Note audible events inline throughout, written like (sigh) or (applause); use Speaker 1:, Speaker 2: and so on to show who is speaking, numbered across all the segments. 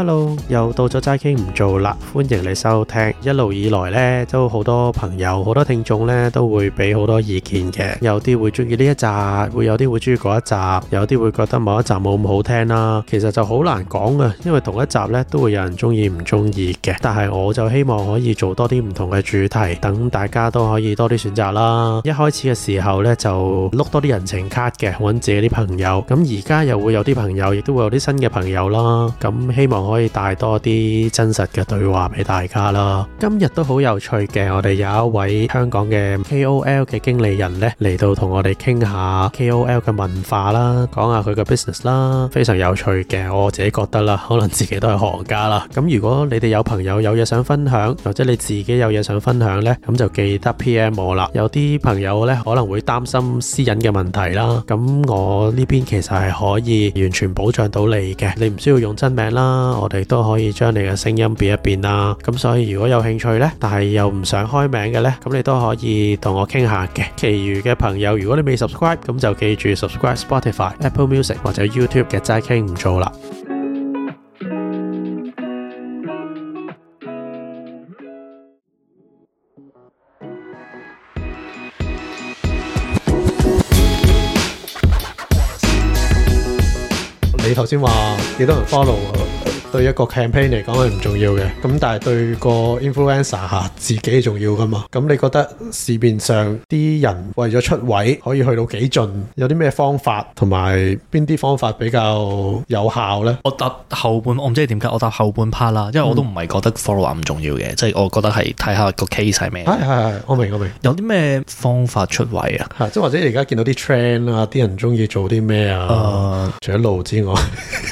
Speaker 1: Hello，又到咗齋傾唔做啦，歡迎你收聽。一路以來呢，都好多朋友、好多聽眾呢，都會俾好多意見嘅。有啲會中意呢一集，會有啲會中意嗰一集，有啲會覺得某一集冇咁好聽啦。其實就好難講嘅，因為同一集呢，都會有人中意唔中意嘅。但係我就希望可以做多啲唔同嘅主題，等大家都可以多啲選擇啦。一開始嘅時候呢，就碌多啲人情卡嘅，揾自己啲朋友。咁而家又會有啲朋友，亦都會有啲新嘅朋友啦。咁希望。可以帶多啲真實嘅對話俾大家啦。今日都好有趣嘅，我哋有一位香港嘅 KOL 嘅經理人呢，嚟到同我哋傾下 KOL 嘅文化啦，講下佢嘅 business 啦，非常有趣嘅。我自己覺得啦，可能自己都係行家啦。咁如果你哋有朋友有嘢想分享，或者你自己有嘢想分享呢，咁就記得 PM 我啦。有啲朋友呢，可能會擔心私隱嘅問題啦，咁我呢邊其實係可以完全保障到你嘅，你唔需要用真名啦。我哋都可以將你嘅聲音變一變啦，咁所以如果有興趣呢，但係又唔想開名嘅呢，咁你都可以同我傾下嘅。其餘嘅朋友，如果你未 subscribe，咁就記住 subscribe Spotify、Apple Music 或者 YouTube 嘅齋傾唔做啦。你頭先話幾多人 follow？對一個 campaign 嚟講係唔重要嘅，咁但係對個 influencer 自己重要噶嘛？咁你覺得市面上啲人為咗出位可以去到幾盡？有啲咩方法同埋邊啲方法比較有效呢？我答後半，我唔知你點
Speaker 2: 解，我答後半 part 啦，因為我都唔係覺得 follower 咁重要嘅，即係、嗯、我覺得係睇下個 case 係咩。係係係，
Speaker 1: 我明我明。有啲咩方法出位啊？即或者你而家見到啲 trend 啊，啲人中意做啲咩啊？呃、除咗露之外，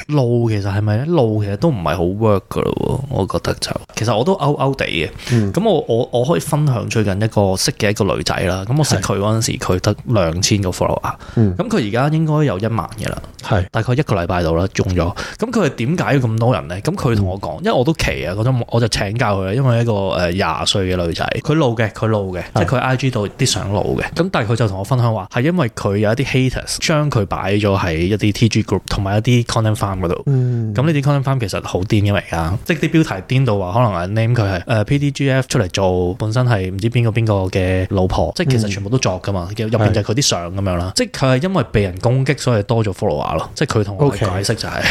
Speaker 1: 露其實係咪咧？露其實都～都唔係
Speaker 2: 好 work 噶咯，我覺得就其實我都 out out 地嘅。咁、嗯、我我我可以分享最近一個識嘅一個女仔啦。咁我識佢嗰陣時候，佢是得兩千個 follow 啊、嗯。咁佢而家應該有一萬嘅啦，係是大概一個禮拜度啦，中咗。咁佢點解咁多人咧？咁佢同我講，嗯、因為我都奇啊，嗰種我就請教佢啦。因為一個誒廿歲嘅女仔，佢露嘅，佢露嘅，她露是即係佢 IG 度啲相露嘅。咁但係佢就同我分享話，係因為佢有一啲 haters 將佢擺咗喺一啲 TG group 同埋一啲 content farm 嗰度。咁呢啲、嗯、content farm 其實～好癲嘅嚟㗎，即係啲標題癲到話，可能係 name 佢係誒、呃、P D G F 出嚟做，本身係唔知邊個邊個嘅老婆，嗯、即係其實全部都作噶嘛，入入邊就係佢啲相咁樣啦。是即係佢係因為被人攻擊，所以多咗
Speaker 1: follower 咯。Okay. (laughs) 即係佢同我解釋就係，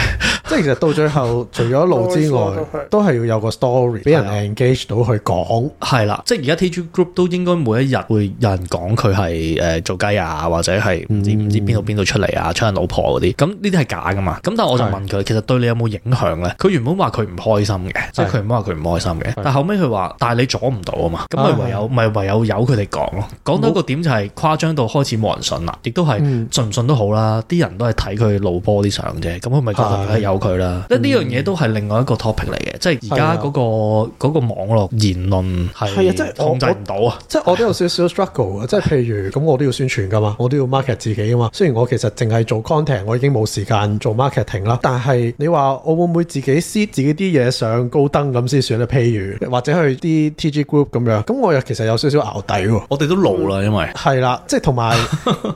Speaker 1: 即係其實到最後除咗露之外， (laughs) 都係要有個 story 俾人 engage 到去講。係啦、啊，了即係而家 T G Group
Speaker 2: 都應該每一日會有人講佢係誒做雞啊，或者係唔知唔、嗯、知邊度邊度出嚟啊，搶人老婆嗰啲。咁呢啲係假噶嘛。咁但係我就問佢，是其實對你有冇影響咧？佢原本話佢唔開心嘅，即係佢唔好話佢唔開心嘅。但後尾佢話，但係你阻唔到啊嘛，咁咪唯有咪唯有由佢哋講咯。講到一個點就係誇張到開始冇人信啦，亦都係信唔信都好啦。啲人都係睇佢露波啲相啫，咁佢咪由佢啦。即呢樣嘢都係另外一
Speaker 1: 個 topic 嚟嘅，即係而家嗰個嗰個網絡言論係啊，即係控制唔到啊。即係我都有少少 struggle 啊。即係譬如咁，我都要宣傳噶嘛，我都要 market 自己噶嘛。雖然我其實淨係做 content，我已經冇時間做 marketing 啦。但係你話我會唔會自幾撕自己啲嘢上高登咁先算啦，譬如或者去啲 TG Group 咁樣，咁我又其實有少少淆底喎、哦。我哋都老啦，因為係啦，即係同埋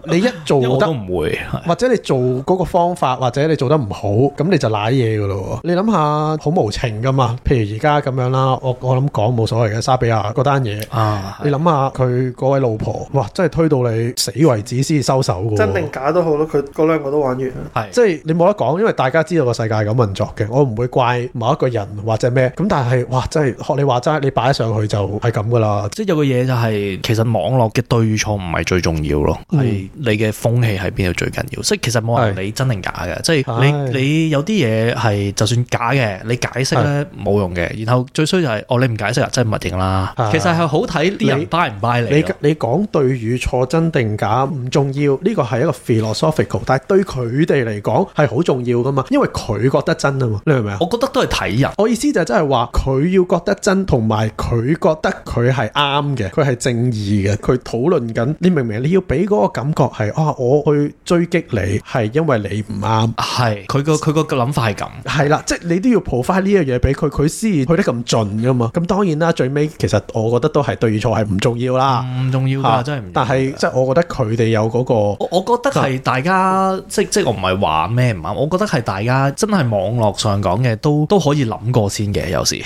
Speaker 1: 你一做得都唔會，或者你做嗰個方法，或者你做得唔好，咁你就瀨嘢噶咯。你諗下，好無情噶嘛？譬如而家咁樣啦，我我諗講冇所謂嘅莎比亞嗰單嘢啊，你諗下佢嗰位老婆，哇，真係推到你死為止先收手嘅，真定假都好咯。佢嗰兩個都玩完，的即係你冇得講，因為大家知道個世界咁運作嘅，我唔會怪某一個人或者咩咁，但係哇，真係學你話齋，你擺上去就係咁噶啦。即係有個嘢就係、是，
Speaker 2: 其實網絡嘅對與錯唔係最重要咯，係、嗯、你嘅風氣係邊度最緊要。嗯、即係其實冇人理真定是假嘅，即係你是你，你有啲嘢係就算假嘅，你解釋咧冇是用嘅。然後最衰就係、是、哦，你唔解釋啊，真係默認
Speaker 1: 啦。是其實
Speaker 2: 係好睇啲人
Speaker 1: buy 唔 buy 你。你你講對與錯真定假唔重要，呢、這個係一個 philosophical，但係對佢哋嚟講係好重要噶嘛，因為佢覺得真啊嘛，你明唔明？我覺得都係睇人，我意思就真係話佢要覺得真，同埋佢覺得佢係啱嘅，佢係正義嘅，佢討論緊。你明唔明？你要俾嗰個感覺係啊，我去追擊你，係因為你唔啱。係佢個佢個諗法係咁。係啦，即係你都要 pro 翻呢樣嘢俾佢，佢先去得咁盡噶嘛。咁當然啦，最尾其實我覺得都係對錯係唔重要啦，唔、嗯、重要噶，是真係。但係即係我覺得佢哋有嗰個我，我覺得係大家，
Speaker 2: 就即即我唔係話咩唔啱，我覺得係大家真係網絡上講。講嘅都都可以
Speaker 1: 諗過先嘅，有時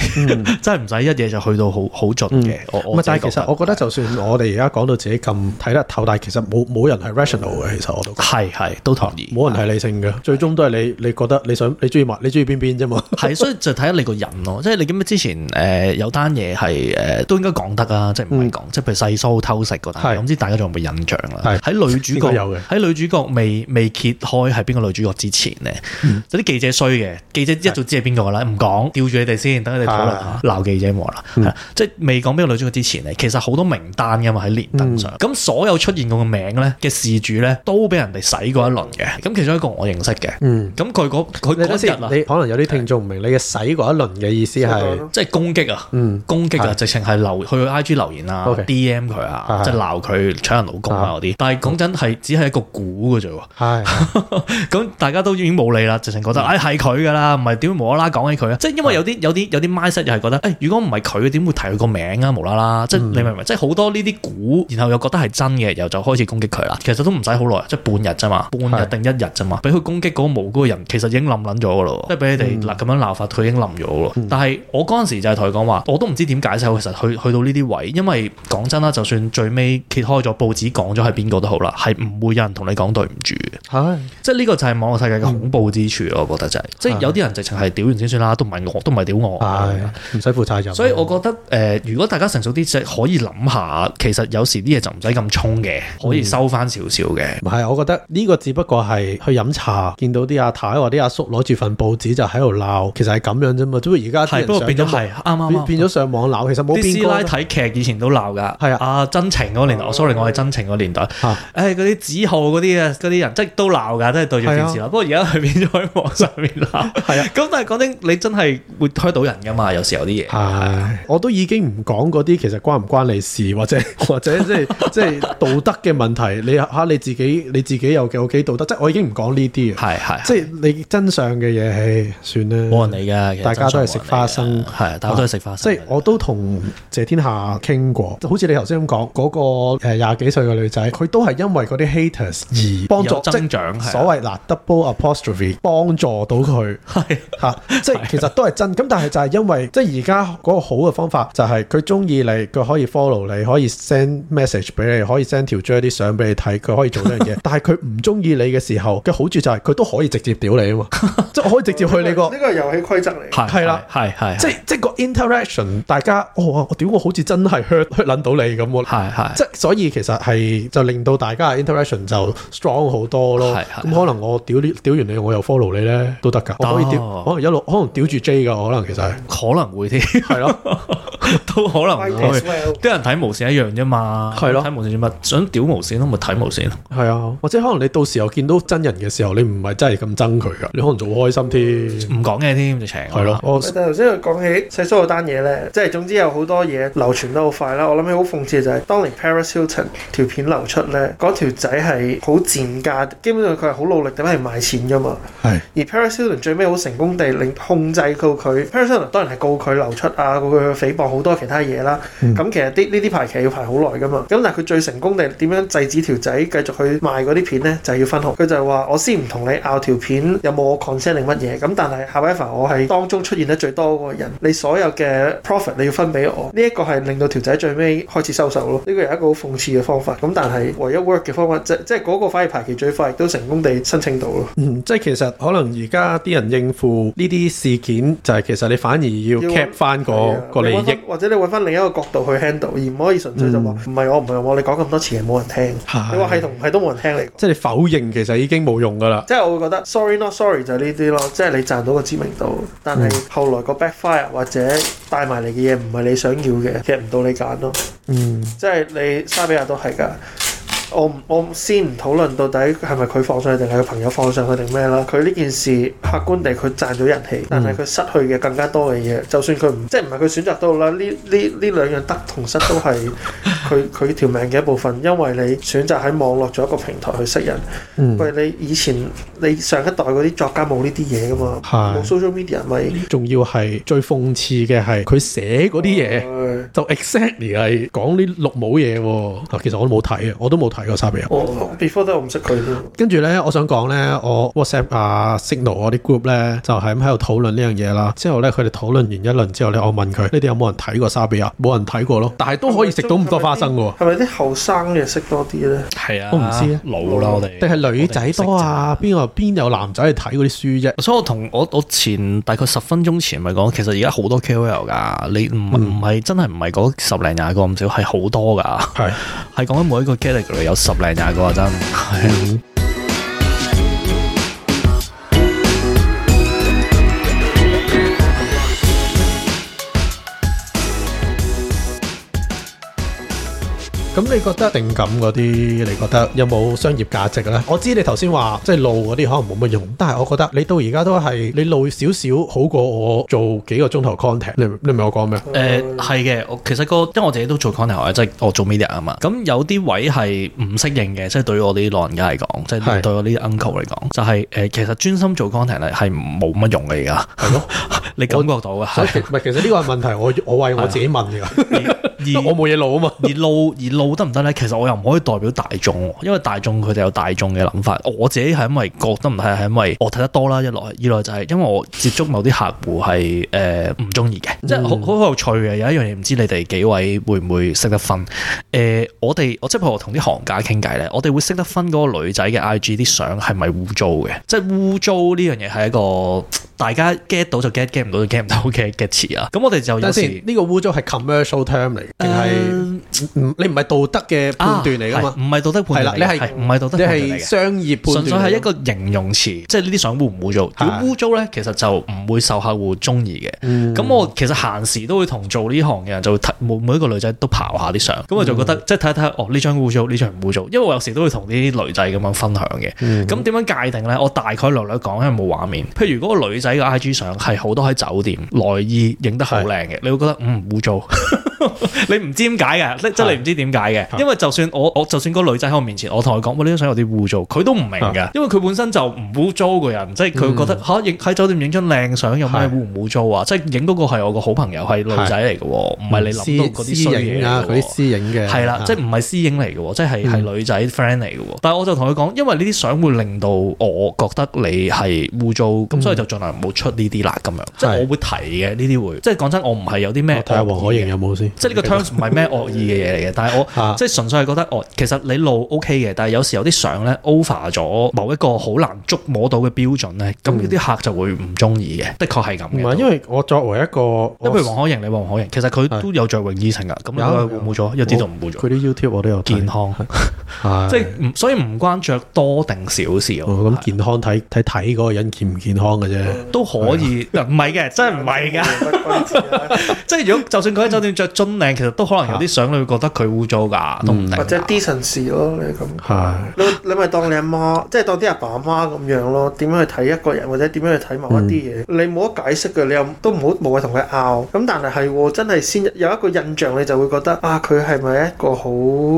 Speaker 1: 真係唔使一嘢就去到好好盡嘅。但係其實我覺得，就算我哋而家講到自己咁睇得透，但係其實冇冇人係 rational 嘅。其實我都係係都同意，冇人係理性嘅，最終都係你你覺得你想你中意嘛？你中意邊邊啫嘛？係，所以就睇下你個人咯。即係你記得之前，誒，有單嘢係，誒，都應該講得啊，即係唔係講，即
Speaker 2: 係譬如細蘇偷食嗰單，咁知大家仲有冇印象啦？喺女主角有嘅，喺女主角未未揭開係邊個女主角之前呢，就啲記者衰嘅，記者一。都知係邊個噶啦，唔講，吊住你哋先，等你哋討論下鬧記者冇啦，即係未講俾個女仔佢之前咧，其實好多名單噶嘛喺連登上，咁所有出現過嘅名咧嘅事主咧，都俾人哋洗過一輪嘅，咁其中一個我認識嘅，咁佢嗰佢你可能有啲聽眾唔明你嘅洗過一輪嘅意思係即係攻擊啊，攻擊啊，直情係留去 I G 留言啊，D M 佢啊，即係鬧佢搶人老公啊嗰啲，但係講真係只係一個估嘅啫，係咁大家都已經冇理啦，直情覺得誒係佢噶啦，唔係。點會無啦啦講起佢咧，即係因為有啲有啲有啲 mindset 又係覺得，誒，如果唔係佢點會提佢個名啊？無啦啦，即係你明唔明？即係好多呢啲估，然後又覺得係真嘅，又就開始攻擊佢啦。其實都唔使好耐，即係半日咋嘛，半日定一日咋嘛，俾佢是的 攻擊嗰個無辜嘅人，其實已經冧捻咗噶咯。即係俾你哋嗱咁樣鬧法，佢已經冧咗咯。是的 但係我嗰陣時就係同佢講話，我都唔知點解釋，其實去去到呢啲位，因為講真啦，就算最尾揭開咗報紙講咗係邊個都好啦，係唔會有人同你講對唔住嘅。是的 即係呢個就係網絡世界嘅恐怖之處咯。嗯、我覺得就係，即係有啲人就係屌完先算啦，都唔係我，都唔係屌我，係啊，唔使負責任。所以我覺得誒，如果大家成熟啲，即可以諗下，
Speaker 1: 其實有時啲嘢就唔使咁衝嘅，可以收翻少少嘅。唔係，我覺得呢個只不過係去飲茶見到啲阿太或者阿叔攞住份報紙就喺度鬧，其實係咁樣啫嘛。只不過而家係不過變咗係啱啱變咗上網鬧，其實冇師奶睇劇以前都鬧㗎，係
Speaker 2: 啊，真情嗰年代，sorry，我係真情嗰年代嚇，嗰啲子浩嗰啲啊，嗰啲人即係都鬧
Speaker 1: 㗎，都係對住電視鬧。不過
Speaker 2: 而家佢變咗喺網上
Speaker 1: 面鬧，係啊。咁但係講真，你真係會開到人噶嘛？有時候啲嘢係，我都已經唔講嗰啲，其實關唔關你事，或者或者即係即係道德嘅問題。你吓你自己，你自己有幾有幾道德？即係我已經唔講呢啲係係，即係你真相嘅嘢，唉，算啦。冇人理噶，大家都係食花生，係，我都係食花生。即係我都同謝天下傾過，好似你頭先咁講嗰個誒廿幾歲嘅女仔，佢都係因為嗰啲 haters 而幫助增長。所謂嗱 double apostrophe，幫助到佢係。吓，即係 (laughs) 其實都係真，咁但係就係因為即係而家嗰個好嘅方法就係佢中意你，佢可以 follow 你，可以 send message 俾你，可以 send 條 Joy 啲相俾你睇，佢可以做呢樣嘢。但係佢唔中意你嘅時候嘅好處就係佢都可以直接屌你啊嘛，即係 (laughs) 我可以直接去你個呢個遊戲規則嚟，係啦，係係，是是是是，即係即個 interaction，大家。哦，我屌我好似真係 hurt hurt 到你咁，即所以其實係就令到大家 interaction 就 strong 好多咯，咁的可能我屌屌完你我又 follow 你呢都得噶，我可以可能、哦、一路可能屌住 J 噶，可能其實可能會添，係咯的，都可
Speaker 2: 能會！啲、 (laughs) well、
Speaker 1: 人睇無線一樣啫嘛，係咯的，睇無線做乜？想屌無線都咪睇無線咯。係啊的，或者可能你到時候見到真人嘅時候，你唔係真係咁憎佢噶，你可能仲開心添，唔講嘢添就請咯。我頭
Speaker 3: 先講起細叔嗰單嘢咧，即係總之有好多嘢流傳得好快啦。我諗起好諷刺就係當年 Paris Hilton 條片流出咧，嗰條仔係好賤價，基本上佢係好努力咁嚟賣錢噶嘛。的而 Paris Hilton 最尾好成功。地令控制到佢，personal 當然係告佢流出啊，告佢去誹謗好多其他嘢啦。咁、嗯、其實啲呢啲排期要排好耐噶嘛。咁但係佢最成功地點樣制止條仔繼續去賣嗰啲片咧，就係要分紅。佢就話我先唔同你拗，條片有冇我 concerning 乜嘢。咁但係 however 我係當中出現得最多嗰個人，你所有嘅 profit 你要分俾我。呢、這、一個係令到條仔最尾開始收手咯。呢、這個係一個好諷刺嘅方法。咁但係唯一 work 嘅方法，即係即係嗰個反而排期最快，亦都成功地
Speaker 1: 申請到咯、嗯。即係其實可能而家啲人應付。呢啲事件就係其實你反而要 cap 翻找、那個個、啊、利益，
Speaker 3: 或者你揾翻另一個角度去 handle，而唔可以純粹就話唔係我唔係我，你講咁多次係冇人聽。是你話係同係都冇人聽你，
Speaker 1: 即係你否認其實已經冇用噶啦。了
Speaker 3: 即係我會覺得 sorry 咯，sorry 就係呢啲咯。即係你賺到個知名度，但係後來個 backfire 或者帶埋嚟嘅嘢唔係你想要嘅，其實唔到你揀咯。嗯，即係你沙比亞都係噶。我唔我先唔討論到底係咪佢放上去定係個朋友放上去定咩啦？佢呢件事客觀地佢賺咗人氣，但係佢失去嘅更加多嘅嘢。嗯、就算佢唔即係唔係佢選擇都好啦，呢呢呢兩樣得同失都係佢佢條命嘅一部分，因為你選擇喺網絡做一個平台去識人。餵、嗯、你以前你上一代嗰啲作家冇呢啲嘢噶嘛？
Speaker 1: 冇 social media，咪仲要係最諷刺嘅係佢寫嗰啲嘢，哦、就 exactly 係講呢六冇嘢喎。其實我都冇睇嘅，我都冇睇過沙比亞。我
Speaker 3: before、哦、都我唔識佢咯。
Speaker 1: 跟住咧，我想講咧，嗯、我 WhatsApp 啊 Signal 嗰啲 group 咧，就係咁喺度討論呢樣嘢啦。之後咧，佢哋討論完一輪之後咧，我問佢：你哋有冇人睇過沙比亞？冇人睇過咯，但係都可以食到唔多飯。生係
Speaker 3: 咪啲後生嘅識多啲咧？係啊，我唔知啊，老啦我哋，
Speaker 1: 定係女仔多啊？邊個邊有男仔去睇嗰啲書啫？所以我同我我前大概十分鐘前咪講，其
Speaker 2: 實而家好多 KOL 噶，你唔唔係真係唔係嗰十零廿個咁少，係好多噶，係係講緊每一個 category 有十零廿個真係。
Speaker 1: 咁你覺得性感嗰啲，你覺得有冇商業價值咧？我知你頭先話即係露嗰啲可能冇乜用，但係我覺得你到而家都係你露少少好過我做幾個鐘頭 contact。你你明我講咩？誒係嘅，我其實、嗰個因為我自己都做 contact 即係我做 media
Speaker 2: 啊嘛。咁有啲位係唔適應嘅，即係對於我啲老人家嚟講，即係對我啲 uncle 嚟講，就係呃、其實專心做 contact 係冇乜用嘅而家，係咯的， (laughs) 你感
Speaker 1: 覺到㗎？係的其實呢個係問題，我我為我自己問㗎的。 (laughs) 我而我冇嘢露啊嘛，而露而
Speaker 2: 露得唔得咧？其實我又唔可以代表大眾，因為大眾佢哋有大眾嘅諗法。我自己係因為覺得唔係，係因為我睇得多啦。一來二來就係因為我接觸某啲客戶係誒唔中意嘅，即係好好有趣嘅。有一樣嘢唔知你哋幾位會唔會識得分？誒、呃，我哋我即係譬如我同啲行家傾偈咧，我哋會識得分嗰個女仔嘅 I G 啲相係咪污糟嘅？即係污糟呢樣嘢係一個大家 get 到就 get，get 唔到就 get 唔到嘅嘅詞啊。咁我哋就有時呢、
Speaker 1: 呢個污糟係 commercial term 嚟。定係你唔係道德嘅判斷嚟噶嘛？唔係道德判斷。係啦，你係唔係道德判斷嚟嘅？你係商業判斷。純粹係一個
Speaker 2: 形容詞，即係呢啲相污唔污糟？如果污糟咧，其實就唔會受客戶中意嘅。咁我其實閒時都會同做呢行嘅人就會睇每每個女仔都刨下啲相，咁我就覺得即係睇一睇哦，呢張污糟，呢張唔污糟。因為我有時都會同呢啲女仔咁樣分享嘅。咁點樣界定咧？我大概略略講，因為冇畫面。譬如嗰個女仔嘅 IG 相係好多喺酒店內衣影得好靚嘅，你會覺得唔污糟。你唔知點解嘅，即係你唔知點解嘅。因為就算我，我就算個女仔喺我面前，我同佢講，我呢張相有啲污糟，佢都唔明嘅。因為佢本身就唔污糟個人，即係佢覺得吓喺酒店影張靚相有咩污唔污糟啊？即係影嗰個係我個好朋友係女仔嚟嘅，唔係你諗到嗰啲衰嘢啊，嗰啲私影嘅係啦，即係唔係私影嚟嘅，即係係女仔 friend 嚟嘅。但係我就同佢講，因為呢啲相會令到我覺得你係污糟，咁所以就盡量唔好出呢啲啦。咁樣即係我會提嘅呢啲會，即係講真，我唔係有啲咩睇下黃可盈有冇即係呢個 terms 唔係咩惡意嘅嘢嚟嘅，但係我即係純粹係覺得哦，其實你露 OK 嘅，但係有時有啲相咧 over 咗某一個好難捉摸到嘅標準咧，咁啲客就會唔中意嘅。的確係咁嘅。唔係因為我作為一個，因譬如黃可盈你黃可盈，其實佢都有着泳衣成日，咁冇錯，一啲都唔
Speaker 1: 冇。佢啲 YouTube 我都有健康，即係唔所以唔關着多定少事。哦，咁健康睇睇睇嗰個人健唔健康嘅啫，
Speaker 2: 都可以。唔係嘅，真係唔係㗎，即係如果就算佢喺酒店着。尊靚其實都可能有啲
Speaker 1: 相，你會覺得佢污糟㗎，嗯、都唔定。或者
Speaker 3: decency 咯，你咁。
Speaker 1: 係唉。
Speaker 3: 你你咪當你阿媽，即、就、係、是、當啲阿爸阿媽咁樣咯。點樣去睇一個人，或者點樣去睇某一啲嘢、嗯？你冇得解釋嘅，你又都唔好無謂同佢拗。咁但係係真係先有一個印象，你就會覺得啊，佢係咪一個好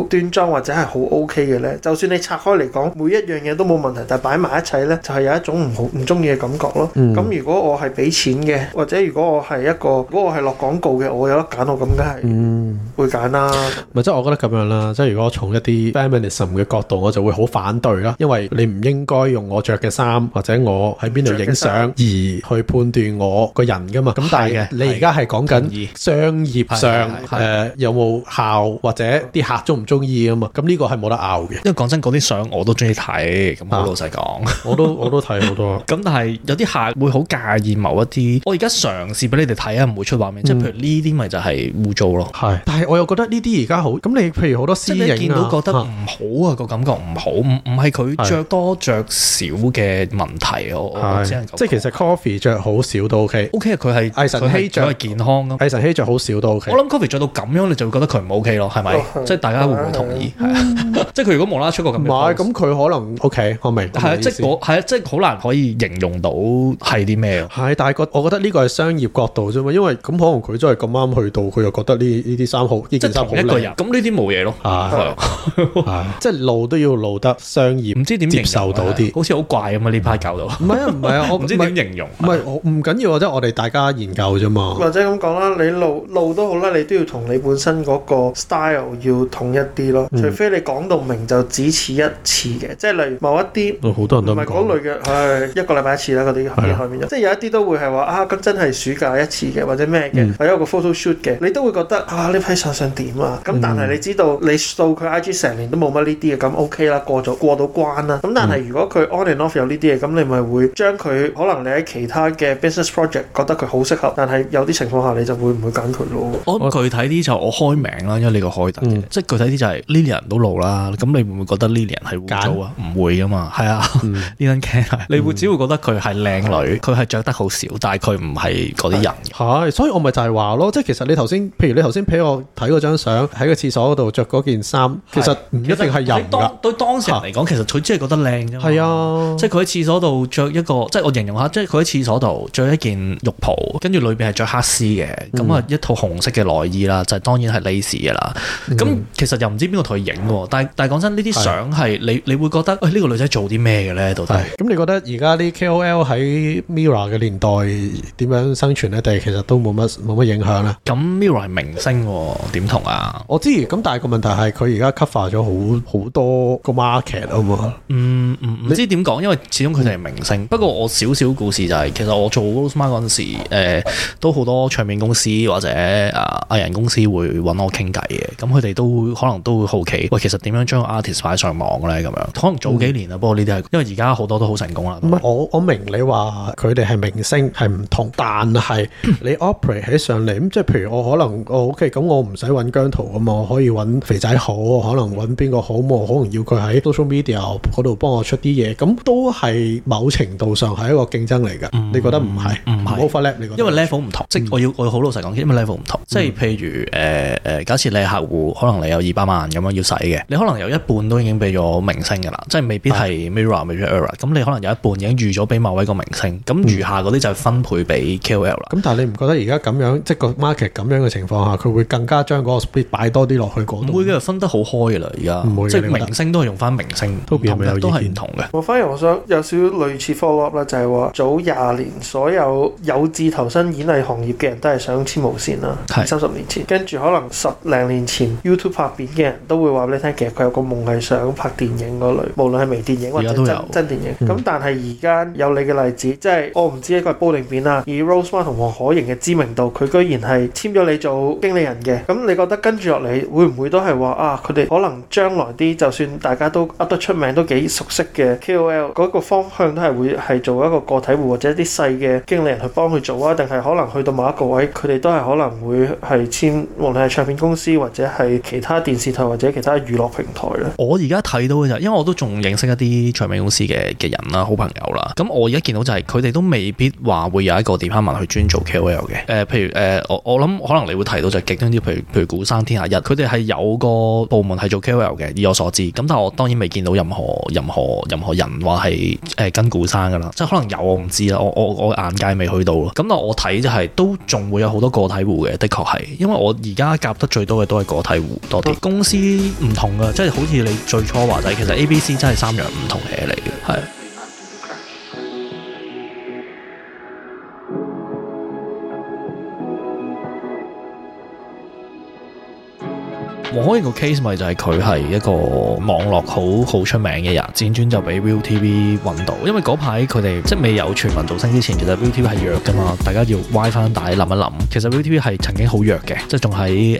Speaker 3: 端莊或者係好 OK 嘅呢？就算你拆開嚟講，每一樣嘢都冇問題，但係擺埋一齊呢，就係、是、有一種唔好唔中意嘅感覺咯。咁、嗯、如果我係俾錢嘅，或者如果我係一個如果我係落廣告嘅，我有得揀，我咁
Speaker 1: 是嗯，
Speaker 3: 會揀啦、
Speaker 1: 啊。咪即係我覺得咁樣啦，即、就、係、是、如果從一啲 feminism 嘅角度，我就會好反對啦，因為你唔應該用我着嘅衫或者我喺邊度影相而去判斷我個人噶嘛。咁的但係你而家係講緊商業上誒、呃、有冇效或者啲客中唔中意啊嘛？咁呢個係冇得拗嘅。因為講真，嗰啲相我都中意睇，咁、啊、老實講，
Speaker 2: 我都 (laughs) 我都睇好多。咁但係有啲客會好介意某一啲。我而家嘗試俾你哋睇啊，唔會出畫面，即、嗯、譬如呢啲咪就係。做咯，係，但係我又覺得呢啲而家好，咁你譬如好多私影啦，見到覺得唔好啊，個感覺唔好，唔唔係佢着
Speaker 1: 多着少嘅問題，我即係其實 coffee 着好少都 OK，OK 佢係艾神希着係健康咁，艾神希着好少都 OK。我諗 coffee 着到咁樣你就會覺得佢唔 OK 咯，係咪？即係大家會唔會同意？係即係佢如果冇啦啦出過咁，唔係咁佢可能 OK，我明係啊，即係嗰啊，即係好難可以形容到係啲咩啊？但係覺，我覺得呢個係商業角度啫嘛，因為咁可能佢真係咁啱去到佢又覺。得呢啲三號，一件衫好。一個人咁呢啲冇嘢咯。係即係露都要露得商業，唔知點接受到啲，好似好怪咁啊！呢排搞到，唔係啊，唔係啊，我唔知點形容。唔係我唔緊要啊，即係我哋大家研究啫嘛。
Speaker 3: 或者咁講啦，你露露都好啦，你都要同你本身嗰個 style 要統一啲咯。除非你講到明就只此一次嘅，即係例如某一啲，
Speaker 1: 好多人都唔係嗰
Speaker 3: 類嘅，唉，一個禮拜一次啦，嗰啲變改變即係有一啲都會係話啊，咁真係暑假一次嘅，或者咩嘅，或者有個 photo shoot 嘅，你都會。覺得啊呢批上上點啊咁，但係你知道、嗯、你掃佢 IG 成年都冇乜呢啲嘢咁 OK 啦，過咗過到關啦。咁但係如果佢 on and off 有呢啲嘢，咁你咪會將佢可能你喺其他嘅 business project 覺得佢好適合，但係有啲情況下你就會唔會揀佢咯？我具
Speaker 2: 體啲就我開名啦，因為你個開頭即係具體啲就係呢啲人都老啦。咁你會唔會覺得呢啲人係污糟啊？唔會噶嘛，係啊、 (laughs) 嗯，呢輪
Speaker 1: 傾係你會只會覺得佢係靚女，佢係著得好少，但係佢唔係嗰啲人。係的，所以我咪就係話咯，即係其實你頭先。譬如你頭先俾我睇嗰張相，喺個廁所嗰度着嗰件衫，的其實唔一定係有噶。對當事人嚟講，啊、其實佢真係覺得靚啫。係啊的，即係佢
Speaker 2: 喺廁所度着一個，即係我形容一下，即係佢喺廁所度着一件浴袍，跟住裏邊係着黑絲嘅，咁啊、嗯、一套紅色嘅內衣啦，就係、當然係 lace 嘅啦。咁、嗯、其實又唔知邊個同佢影，但係但係講真，呢啲相係你你會覺得，呢、哎呢個女仔做啲咩嘅咧？到
Speaker 1: 底？咁你覺得而家啲 KOL 喺 Mirror 嘅年代點樣生存呢？定係其實都冇乜冇乜影響咧？咁明星點同啊？我知，咁但係個問題係佢而家 cover 咗好好多個 market 啊喎。嗯，
Speaker 2: 唔知
Speaker 1: 點講，因為始
Speaker 2: 終佢哋係明星。嗯、不過我少少故事就係、是，其實我做 o star 嗰陣時、呃，都好多唱片公司或者啊藝人公司會揾我傾偈嘅。咁佢哋都會可能都會好奇，喂，其實點樣將 artist 擺上網咧？咁樣可能早幾年啦，不過呢啲係因為而家好多都好成功啦。
Speaker 1: 唔係，我我明你話佢哋係明星係唔同，但係你 operate 起上嚟咁，嗯、即係譬如我可能。哦，OK，咁我唔使揾姜濤啊嘛，我可以揾肥仔好，可能揾邊個好，我可能要佢喺 social media 嗰度幫我出啲嘢，咁都係某程度上係一個競爭嚟嘅。嗯、你覺得唔係？唔係。因為 level 唔同，嗯、即我
Speaker 2: 要我好老實講，因為 level 唔同，即係譬如誒誒、呃，假設你係客戶，可能你有二百萬咁樣要使嘅，你可能有一半都已經俾咗明星嘅啦，即係未必係 Mirror，的未必 Eric，咁的你可能有
Speaker 1: 一半已經預咗俾某位個明星，咁餘下嗰啲就分配俾 KOL 啦。咁、嗯、但係你唔覺得而家咁樣即係個 market 咁樣嘅情況？放下佢會更加將嗰個 speed 擺多啲落去嗰度。每樣分得好開嘅啦，而家唔會。即係明星都係用翻明星，同樣都係唔同嘅。
Speaker 3: 我反而我想有少少類似 follow up 啦，就係話早廿年所有有志投身演藝行業嘅人都係想簽無線啦。三十年前，跟住可能十零年前 YouTube 拍片嘅人都會話俾你聽，其實佢有個夢係想拍電影嗰類，無論係微電影或者真真電影。咁、嗯、但係而家有你嘅例子，即係我唔知道一個係煲定片啦。以 Roseman 同黃可盈嘅知名度，佢居然係簽咗你做經理人嘅，咁你覺得跟住落嚟會唔會都係話啊，佢哋可能將來啲就算大家都噏得出名，都幾熟悉嘅 KOL 嗰個方向都係會係做一個個體戶或者啲細嘅經理人去幫佢做啊，定係可能去到某一個位，佢哋都係可能會係簽，無論係唱片公司或者係其他電視台或者其他娛樂平台咧。
Speaker 2: 我而家睇到嘅就因為我都仲認識一啲唱片公司嘅嘅人啦，好朋友啦。咁我而家見到就係，佢哋都未必話會有一個 department 去專做 KOL 嘅。誒、呃，譬如誒、呃，我我諗可能你會。提到就極端啲，譬如譬如古生天下一，佢哋係有個部門係做 KOL 嘅，以我所知。咁但係我當然未見到任何任何任何人話係誒跟古生噶啦，即係可能有我唔知啦，我我我眼界未去到咁，但我睇就係、是、都仲會有好多個體戶嘅，的確係，因為我而家夾得最多嘅都係個體戶多啲。公司唔同噶，即、就、係、是、好似你最初話就係，其實 A、B、C 真係三樣唔同嘢嚟嘅，係。可凱個 case 咪就係佢係一個網絡好好出名嘅人，剪轉就俾 ViuTV 揾到，因為嗰排佢哋即係未有全民造星之前，其實 ViuTV 係弱㗎嘛，大家要歪翻大諗一諗。其實 ViuTV 係曾經好弱嘅，即係仲喺誒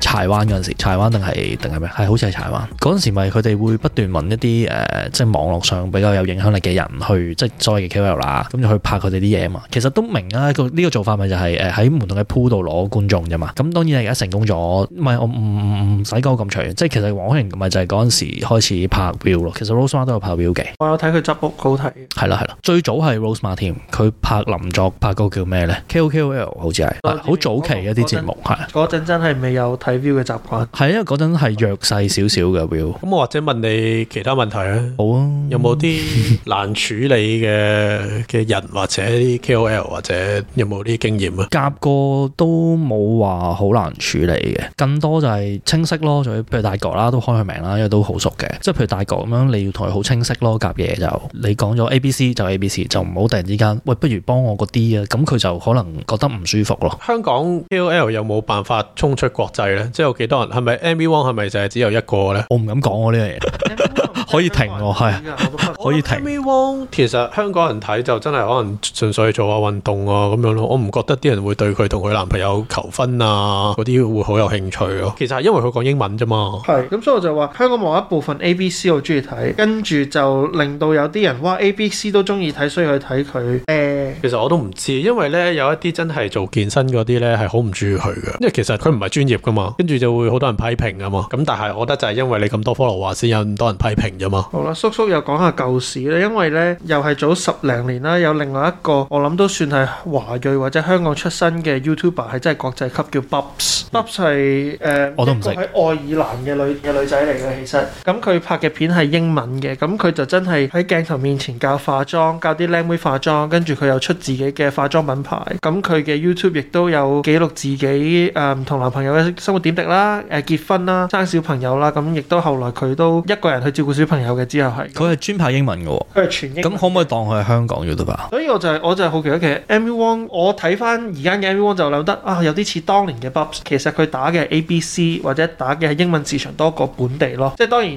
Speaker 2: 柴灣嗰陣時，柴灣定係定係咩？係好似係柴灣嗰陣時，咪佢哋會不斷問一啲誒、呃，即係網絡上比較有影響力嘅人去，即係再嘅 KOL 啦，咁就去拍佢哋啲嘢啊嘛。其實都明啊，呢、這個做法咪就係誒喺門當嘅鋪度攞觀眾啫嘛。咁當然係而家成功咗，唔係我唔。我唔使講咁長，即係其實黃慶咁咪就係嗰陣時開始拍 View 咯。其實 Rosemar 都有拍 View 嘅。我有睇佢執屋好睇係係啦係啦，最早係 Rosemar 添佢拍林作拍個叫咩咧？K O K O L 好似係，好年早期一啲節目係。嗰陣、哦、的真係未有睇 View 嘅習慣。係因為嗰陣係弱勢少少嘅 View。
Speaker 1: 咁 (laughs) iu 我或者問你其他問題啊？好啊。有冇啲難處理嘅嘅人 (laughs) 或者 K O L 或者有冇啲經驗啊？夾過
Speaker 2: 都冇話好難處理嘅，更多就係、是。清晰咯，仲要譬如大角啦，都開佢名啦，因為都好熟嘅，即係譬如大角咁樣，你要同佢好清晰咯，夾嘢就你講咗 A、B、C 就 A、B、C，就唔好突然之間喂，不如幫我個 D 啊，咁佢就可能覺得唔舒服咯。
Speaker 1: 香港 KOL 有冇辦法衝出國際呢？即係有幾多人？係咪 Amy Wong 係咪就係只有一個呢？我唔敢講我呢樣嘢，這個， (laughs) 可以停咯，係可以停。Amy Wong 其實香港人睇就真係可能純粹做下運動啊咁樣咯，我唔覺得啲人會對佢同佢男朋友求婚啊嗰啲會好有興趣咯啊。其實因因為佢講英文啫嘛，係，咁
Speaker 3: 所以我就話香港某一部分 A B C 我中意睇，跟住就令到有啲人哇 A B C
Speaker 1: 都中意睇，所以去睇佢誒。呃其實我都唔知，因為咧有一啲真係做健身嗰啲咧係好唔鍾意佢嘅，因為其實佢唔係專業噶嘛，跟住就會好多人批評噶嘛。咁但係我覺得就係因為你咁多 follow 話先有咁多人批評啫嘛。
Speaker 3: 好啦，叔叔又講下舊事啦，因為咧又係早十零年啦。有另外一個我諗都算係華裔或者香港出身嘅 YouTuber 係真係國際級叫 Bubs，嗯。Bubs 係誒一個喺愛爾蘭嘅女嘅女仔嚟嘅。其實咁佢拍嘅片係英文嘅，咁佢就真係喺鏡頭面前教化妝，教啲靚妹化妝，跟住佢又出自己嘅化妝品牌，咁佢嘅 YouTube 亦都有記錄自己唔同、呃、男朋友嘅生活點滴啦，誒、呃、結婚啦，生小朋友啦，咁亦都後來佢都一個人去照顧小朋友嘅之後係。佢係專拍英文嘅，佢係全英文的。咁可唔可以
Speaker 2: 當佢係香港嘅品牌？
Speaker 3: (laughs) 所以我就係、是、我就係好奇嘅，Amy Wong，我睇翻而家嘅 Amy Wong 就諗得啊，有啲似當年嘅 Bubs，其實佢打嘅係 A、B、C 或者打嘅係英文市場多過本地咯，即、就、係、是、當然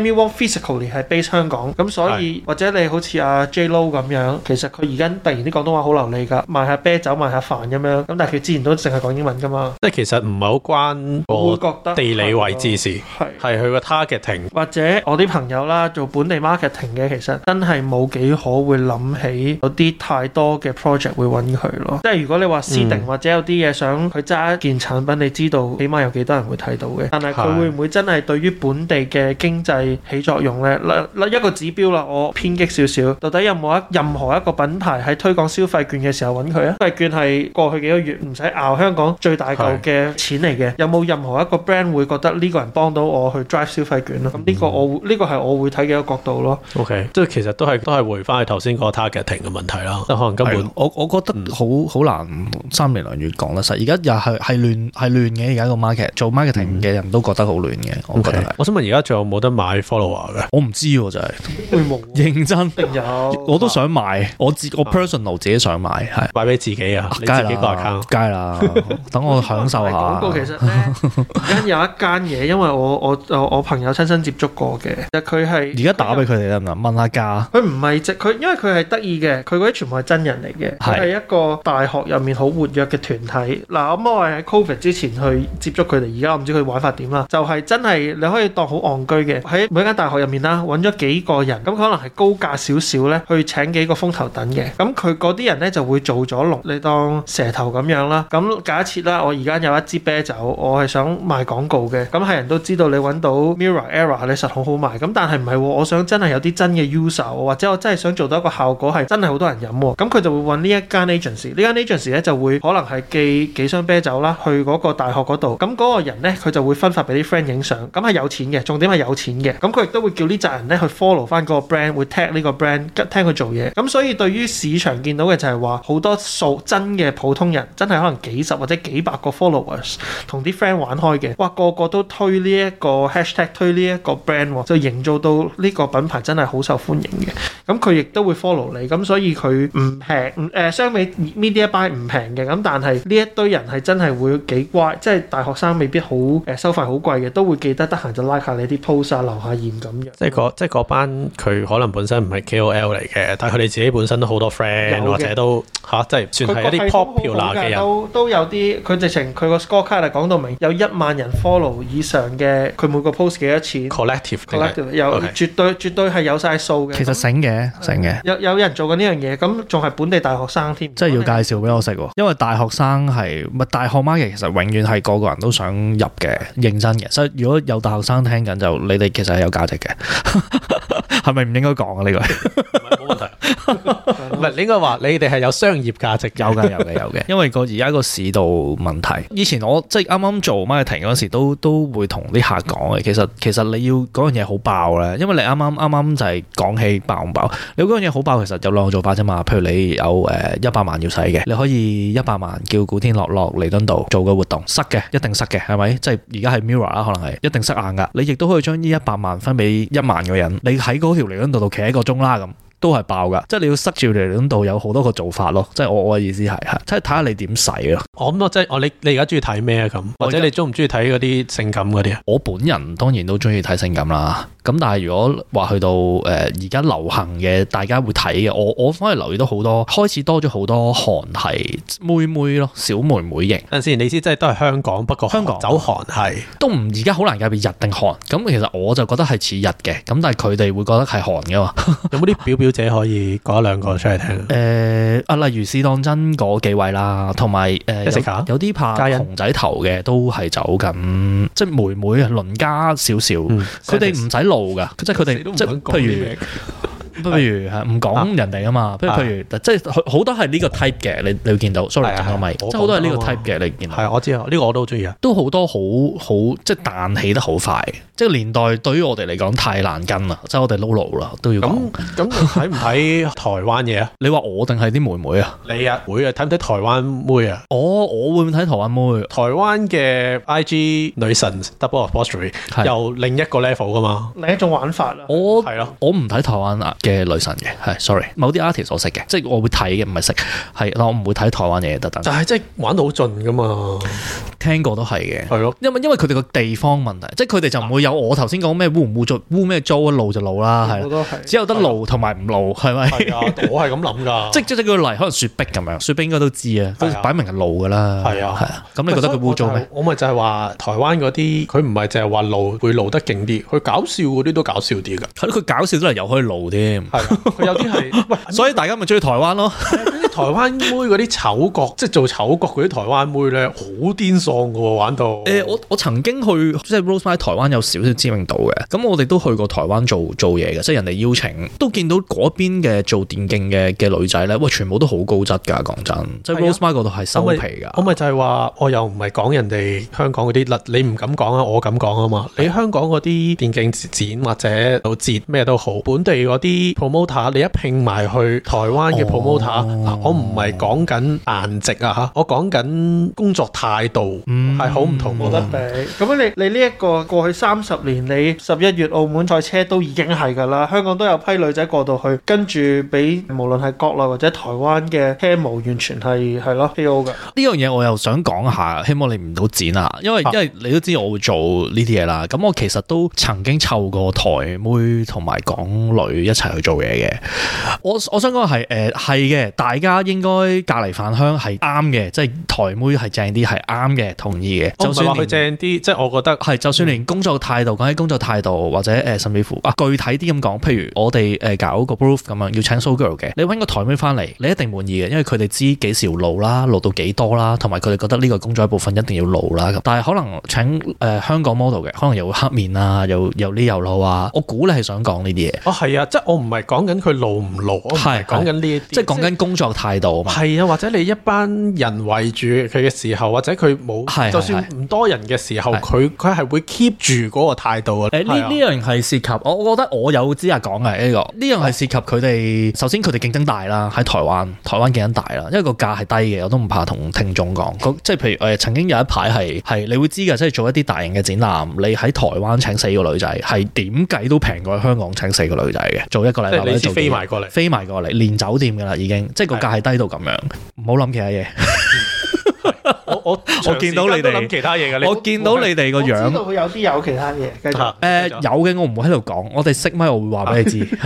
Speaker 3: Amy、嗯、Wong physically 係 base 香港，咁所以的或者你好似阿、啊、J Lo 咁樣，其實佢而家突然廣東話好流利㗎，賣下啤酒、賣下飯咁樣。咁但係佢之前都淨係講英文㗎嘛？
Speaker 1: 即係其實唔係好關我，我會覺得地理位置事係佢個 targeting
Speaker 3: 或者我啲朋友啦，做本地 marketing 嘅，其實真係冇幾可會諗起有啲太多嘅 project 會揾佢咯。即係如果你話私定、嗯、或者有啲嘢想佢揸一件產品，你知道起碼有幾多人會睇到嘅。但係佢會唔會真係對於本地嘅經濟起作用呢？嗱的，一個指標啦，我偏激少少，到底有冇一任何一個品牌喺推講消費券嘅時候揾佢啊。消費券係過去幾個月唔使熬香港最大嚿嘅錢嚟嘅？有冇任何一個 brand 會覺得呢個人幫到我去 drive
Speaker 1: 消費券咯？咁呢個我呢個係我會睇嘅，一個角度咯。O K，即係其實都係都係回翻去頭先嗰個 targeting 嘅問題啦。即可能根本
Speaker 2: 我我覺得好好難三年兩月講得實，而家又係係亂係亂嘅。而家個 market 做 marketing 嘅人都覺得好亂嘅，我覺得
Speaker 1: 係。我想問而家仲有冇得買 follower 嘅？我唔知就係，認真定有？我
Speaker 2: 都想買，我自我自己想買係買俾自己啊，梗係啦，梗係啦，等 (laughs) 我享受下。個 (laughs) 其實而家有一間嘢，因為我我我我
Speaker 3: 朋友親身接觸過嘅，其實佢係而家打俾佢哋啦，有問下價。佢唔係即佢，因為佢係得意嘅，佢嗰啲全部係真人嚟嘅，係是一個大學入面好活躍嘅團體。嗱，我係喺 Covid 之前去接觸佢哋，而家我唔知佢玩法點啦。就係、是、真係你可以當好昂居嘅，喺每一間大學入面啦，揾咗幾個人，咁可能係高價少少咧，去請幾個風頭等嘅，咁佢。嗰啲人咧就會做咗龍，你當蛇頭咁樣啦。咁假設啦，我而家有一支啤酒，我係想賣廣告嘅。咁係人都知道你揾到 Mirror Era，你實好好賣。咁但係唔係，我想真係有啲真嘅 user，或者我真係想做到一個效果係真係好多人飲。咁佢就會揾呢一間 agency，呢間 agency 咧就會可能係寄幾箱啤酒啦，去嗰個大學嗰度。咁嗰個人呢，佢就會分發俾啲 friend 影相。咁係有錢嘅，重點係有錢嘅。咁佢亦都會叫呢扎人呢去 follow 翻嗰個 brand，會 tag 呢個 brand，聽佢做嘢。咁所以對於市場。見到嘅就係話好多數真嘅普通人，真係可能幾十或者幾百個 followers，同啲 friend 玩開嘅，哇個個都推呢、這、一個 hashtag，推呢一個 brand，就營造到呢個品牌真係好受歡迎嘅。咁佢亦都會 follow 你，咁所以佢唔平，誒相比呢啲一班唔平嘅，咁但係呢一堆人係真係會幾乖，即係大學生未必好、呃、收費好貴嘅，都會記得得閒就拉、like、下你啲 post 啊，留下言咁樣。
Speaker 1: 即係嗰即係嗰班佢可能本身唔係 KOL 嚟嘅，但係佢哋自己本身都好多 friend。或者都吓，即係算係一啲 popular 嘅人，
Speaker 3: 都有啲。佢直情佢個 scorecard 講到明，有一萬人 follow 以上嘅，佢每個 post 幾多次？collective，collective 又絕對絕對係有晒數嘅。其實醒嘅，醒嘅。有有
Speaker 2: 人做緊呢樣嘢，咁仲係本地大學生添。即係要介紹俾我識喎，因為大學生係大學 market 其實永遠係個個人都想入嘅，認真嘅。所以如果有大學生聽緊，就你哋其實係有價值嘅，係咪唔應該講啊？呢個唔係冇問題。
Speaker 1: 唔係， (laughs) 你應該話你哋係有商業價值，有嘅，有嘅，有嘅。 (laughs) 因為個而家個市道
Speaker 2: 問題，以前我即係啱啱做 marketing 嗰時候，都都會同啲客講嘅。其實其實你要嗰樣嘢好爆咧，因為你啱啱啱啱就係講起爆唔爆。你嗰樣嘢好爆，其實有兩個做法啫嘛。譬如你有誒一百萬要使嘅，你可以一百萬叫古天樂落彌敦道做個活動，塞嘅一定塞嘅，係咪？即係而家係 Mirror 啦，可能係一定塞硬噶。你亦都可以將呢一百萬分俾一萬個人，你喺嗰條彌敦道度企一個鐘啦咁。都係爆噶，即係你要塞住嚟咁度，有好多個做法咯。即係我我嘅意思係，係即係睇下你點使咯。
Speaker 1: 我諗啊，即係你即係你而家中意睇咩啊咁？或者你中唔中意睇嗰啲性感嗰啲啊？我本人當然都中
Speaker 2: 意睇性感啦。咁但係如果話去到誒而家流行嘅，大家會睇嘅，我我反而留意到好多開始多咗好多韓系妹妹咯，小妹妹型。等陣先，你意思
Speaker 1: 即係都係香港，不過香港走韓係都唔而家好難界定日定韓。
Speaker 2: 咁其實我就覺得係似日嘅，咁但係佢哋會覺得係韓嘅嘛。有冇啲表表？或者可以講一兩個出嚟聽。誒啊、呃，例如是當真嗰幾位啦，同埋誒有啲、呃、怕熊仔頭嘅，都係走緊，即係妹妹啊，鄰家少少，佢哋唔使露㗎，即係佢哋即係譬如。 (laughs) 不如係唔講人哋啊嘛，不如譬如即係好多係呢個 type 嘅，你你會見到。sorry，咪即係好多係呢個 type 嘅，你見到。係我知啊，呢個我都鍾意啊，都好多好好即係彈起得好快。即係年代
Speaker 1: 對於我哋嚟講太難跟啦，即係我哋撈路啦都要。咁咁睇唔睇台灣嘢啊？你話我定係啲妹妹啊？你啊會啊睇唔睇台灣妹啊？我我會唔會睇台灣妹？台灣嘅 IG 女神 double portrait 又另一個 level 㗎嘛？
Speaker 2: 另一種玩法啦。我係咯，我唔睇台灣啊。嘅女神嘅，係 sorry，某啲 artist 我識嘅，即係我會睇嘅，唔係識，係我唔會睇台灣嘢，等等。但係即係玩到好盡噶嘛，聽過都係嘅，係咯了，因為因為佢哋個地方問題，即係佢哋就唔會有我頭先講咩污唔污糟污咩糟，一路就路啦，係，都係，只有得路同埋唔路，係咪？係啊，我係咁諗噶，即係即係佢嚟可能雪碧咁樣，雪碧應該都知啊，擺明係路噶啦，係
Speaker 1: 啊，係啊，咁你覺得佢污糟咩？我咪就係話台灣嗰啲，佢唔係淨係話路會路得勁啲，佢搞笑嗰啲都搞笑啲噶，佢搞笑都係有開路添。係，佢 (laughs) 有啲係，喂，所以大家咪中意台灣咯。 (laughs) 台灣妹嗰啲丑角，即係 (laughs) 做丑角嗰啲台灣妹咧，好癲喪噶，玩到。誒、欸，我我曾經去，即係 r o s e m a r 台灣有少少知名度
Speaker 2: 嘅，咁我哋都去過台灣做做嘢嘅，即係人哋邀請，都見到嗰邊嘅做電競嘅嘅女仔咧，喂，全部都好高質噶，講真。
Speaker 1: 即係、啊、r o s e m a r 嗰度係收皮噶。咁咪就係話，我又唔係講人哋香港嗰啲，嗱，你唔敢講啊，我敢講啊嘛。你香港嗰啲電競展或者到節咩都好，本地嗰啲 promoter，你一拼埋去台灣嘅 promoter。哦啊我唔係講緊顏值啊，我講緊工作態度係好唔同，冇得比。咁、嗯、你你呢一個過去三十年，你
Speaker 3: 十一月澳門賽車都已經係㗎啦，香港都有批女仔過到去，跟住俾無論係國內或者台灣嘅車模，完全係係咯，KO 㗎。
Speaker 2: 呢樣嘢我又想講下，希望你唔到剪啊，因為、啊、因為你都知我會做呢啲嘢啦。咁我其實都曾經湊過台妹同埋港女一齊去做嘢嘅。我我想講係係嘅，大家。家應該隔離返鄉係啱嘅，即係台妹係正啲係啱嘅，同意嘅。就算話佢正啲，即係我覺得係。就算連工作態度講起工作態度或者誒甚麼乎啊，具體啲咁講，譬如我哋誒搞個 proof 咁樣要請 show girl 嘅，你揾個台妹翻嚟，你一定滿意嘅，因為佢哋知幾時要露啦，露到幾多啦，同埋佢哋覺得呢個工作一部分一定要露啦。咁但係可能請誒香港 model 嘅，可能又黑面啊，又
Speaker 1: 又呢又露啊。我估你係想講呢啲嘢。哦，係啊，即係我唔係講緊佢露唔露，我係講緊呢一，即係講緊工作態度啊嘛，係啊，或者你一班人圍住佢嘅時候，或者佢冇，是是是就算唔多人嘅時候，佢佢係會 keep 住嗰個態度、欸、啊。呢呢
Speaker 2: 樣係涉及，我我覺得我有資格講嘅呢個，呢樣係涉及佢哋。啊、首先佢哋競爭大啦，喺台灣，台灣競爭大啦，因為個價係低嘅，我都唔怕同聽眾講。即係譬如誒、呃，曾經有一排係係，你會知嘅，即係做一啲大型嘅展覽，你喺台灣請四個女仔，係點計都平過喺香港請四個女仔嘅，做一個禮拜。即係你先飛埋過嚟，飛埋過嚟，連酒店嘅啦已經，即係個價。係低到咁樣，唔好諗其他嘢、 (laughs) 嗯。我我我,我見到你哋諗其他嘢噶，我見到你哋個樣，我
Speaker 3: 知道佢
Speaker 2: 有啲有其他嘢。繼續。誒、啊呃，有嘅，我唔會喺度講。我哋識乜，我會話俾你知。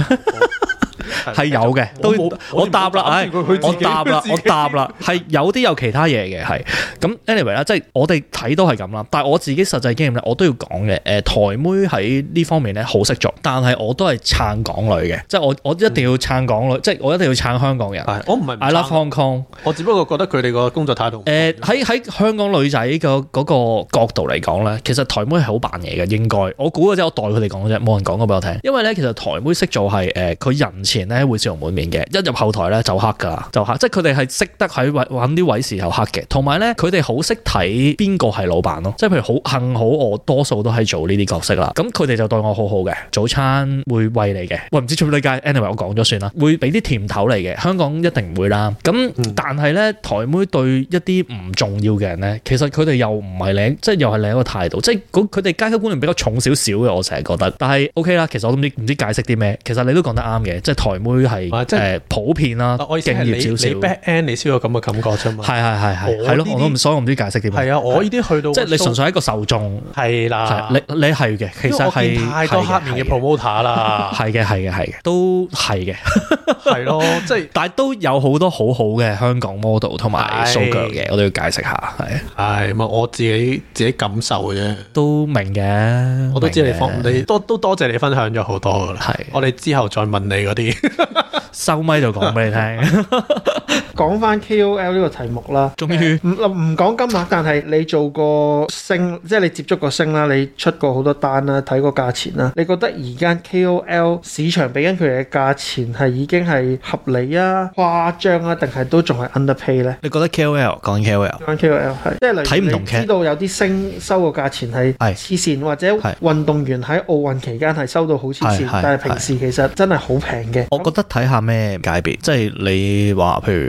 Speaker 2: 係有嘅，都我答啦，我答啦，我答啦，係有啲有其他嘢嘅，係咁。Anyway 啦，即係我哋睇都係咁啦，但係我自己實際經驗咧，我都要講嘅。誒，台妹喺呢方面咧好識做，但係我都係撐港女嘅，即係我我一定要撐港女，即係我一定要撐香港人。我唔係，I love Hong Kong。我只不過覺得佢
Speaker 1: 哋個工作態度，誒，喺喺
Speaker 2: 香港女仔個嗰個角度嚟講咧，其實台妹係好扮嘢嘅，應該我估嘅啫，我代佢哋講嘅啫，冇人講過俾我聽。因為咧，其實台妹識做係，誒，佢人前。咧會笑容滿面嘅，一入後台咧就黑噶，就黑。即係佢哋係識得喺揾啲位，位置時候黑嘅，同埋咧佢哋好識睇邊個係老闆咯。即係譬如好幸好我多數都係做呢啲角色啦，咁佢哋就對我好好嘅，早餐會喂你嘅。喂，唔知出唔出得 Anyway，我講咗算啦，會俾啲甜頭嚟嘅。香港一定唔會啦。咁、嗯、但係咧台妹對一啲唔重要嘅人咧，其實佢哋又唔係你，即係又係另一個態度。即係佢哋階級觀念比較重少少嘅，我成日覺得。但係 OK 啦，其實我都唔知唔知解釋啲咩。其實你都講得啱嘅，即係台妹係誒普遍啦，我以敬業少少。你 back end 你先有咁嘅感覺啫嘛。係係係係，係咯，我都唔想唔知解釋點。係啊，我已經去到即係你純粹係一個受眾。係啦，你你係嘅，其實係太多黑面嘅
Speaker 1: promoter 啦。
Speaker 2: 係嘅係嘅係嘅，都係嘅，
Speaker 1: 係咯，
Speaker 2: 即係但係都有好多好好嘅香港 model 同埋 show girl 嘅，我都要解釋下
Speaker 1: 係。係我自己自己感受嘅啫，都明嘅。我都知你方你都都多謝你分享咗好多㗎啦。係，我哋之後再問你嗰啲。 (laughs) 收咪就講俾你聽，
Speaker 3: 講翻 K O L 呢個題目啦。終於唔講講金額，但係你做過星，即係你接觸過星啦，你出過好多單啦，睇過價錢啦，你覺得而家 K O L 市場俾緊佢哋嘅價錢係已經係合理啊、誇張啊，定係都仲係 underpay 呢？你覺得 K O L 講 K O L 講 K O L 係即係例如你知道有啲星收個價錢係黐線，或者運動員喺奧運期間係收到好黐線，但係平時
Speaker 2: 其實真係好平嘅。我覺得睇下咩界別，即係你話譬如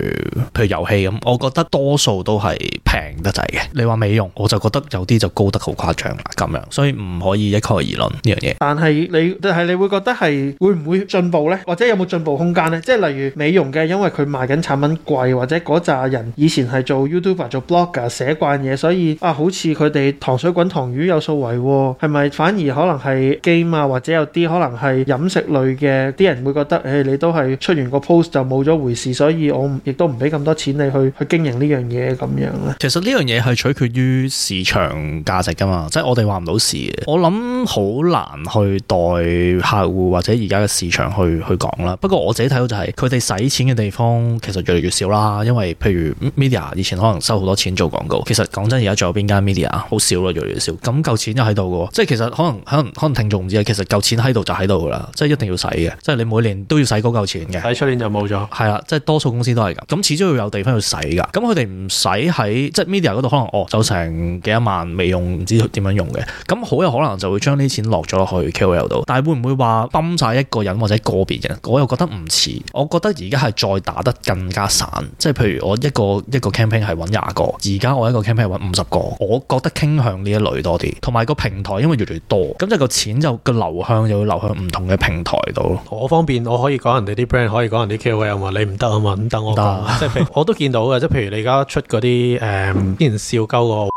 Speaker 2: 譬如遊戲咁，我覺得多數都係平得滯嘅。你話美容，我就覺得有啲就高得好誇張啦，咁樣，所以唔可以一概而論呢樣嘢。
Speaker 3: 但係你但係你會覺得係會唔會進步呢？或者有冇進步空間呢？即係例如美容嘅，因為佢賣緊產品貴，或者嗰扎人以前係做 YouTuber 做 Blogger 寫慣嘢，所以啊，好似佢哋糖水滾糖魚有數喎，係咪反而可能係 game 啊，或者有啲可能係飲食類嘅，啲人會覺得。誒，你都係出完個 post 就冇咗回事，所以我亦都唔俾咁多錢你去去經營呢樣嘢咁樣咧。
Speaker 2: 其實呢樣嘢係取決於市場價值㗎嘛，即係我哋話唔到事嘅。我諗好難去代客戶或者而家嘅市場去去講啦。不過我自己睇到就係佢哋使錢嘅地方其實越嚟越少啦，因為譬如 media 以前可能收好多錢做廣告，其實講真而家仲有邊間 media 好少啦，越嚟越少。咁嚿錢就喺度㗎喎，即係其實可能可能可能聽眾唔知啊，其實嚿錢喺度就喺度㗎啦，即係一定要使嘅，即係你每年都要使嗰嚿錢嘅，喺出年就冇咗。係啦，即係多數公司都係咁。咁始終要有地方去使㗎。咁佢哋唔使喺即係 media 嗰度，可能哦，就成幾萬未用，唔知點樣用嘅。咁好有可能就會將啲錢落咗去 KOL 度。但係會唔會話泵晒一個人或者個別人？我又覺得唔似。我覺得而家係再打得更加散。即係譬如我一個一個 campaign 係揾廿個，而家我一個 campaign 揾五十個。我覺得傾向呢一類多啲。同埋個平台因為越嚟越多，咁就個錢就個流向就會流向唔同嘅平台度咯。
Speaker 1: 我方便我。可以講人哋啲 brand，可以講人啲 KOL 啊嘛，你唔得啊嘛，唔得，我得啊嘛。 (laughs) 即係譬如我都見到嘅，即係譬如你而家出嗰啲誒之前笑鳩個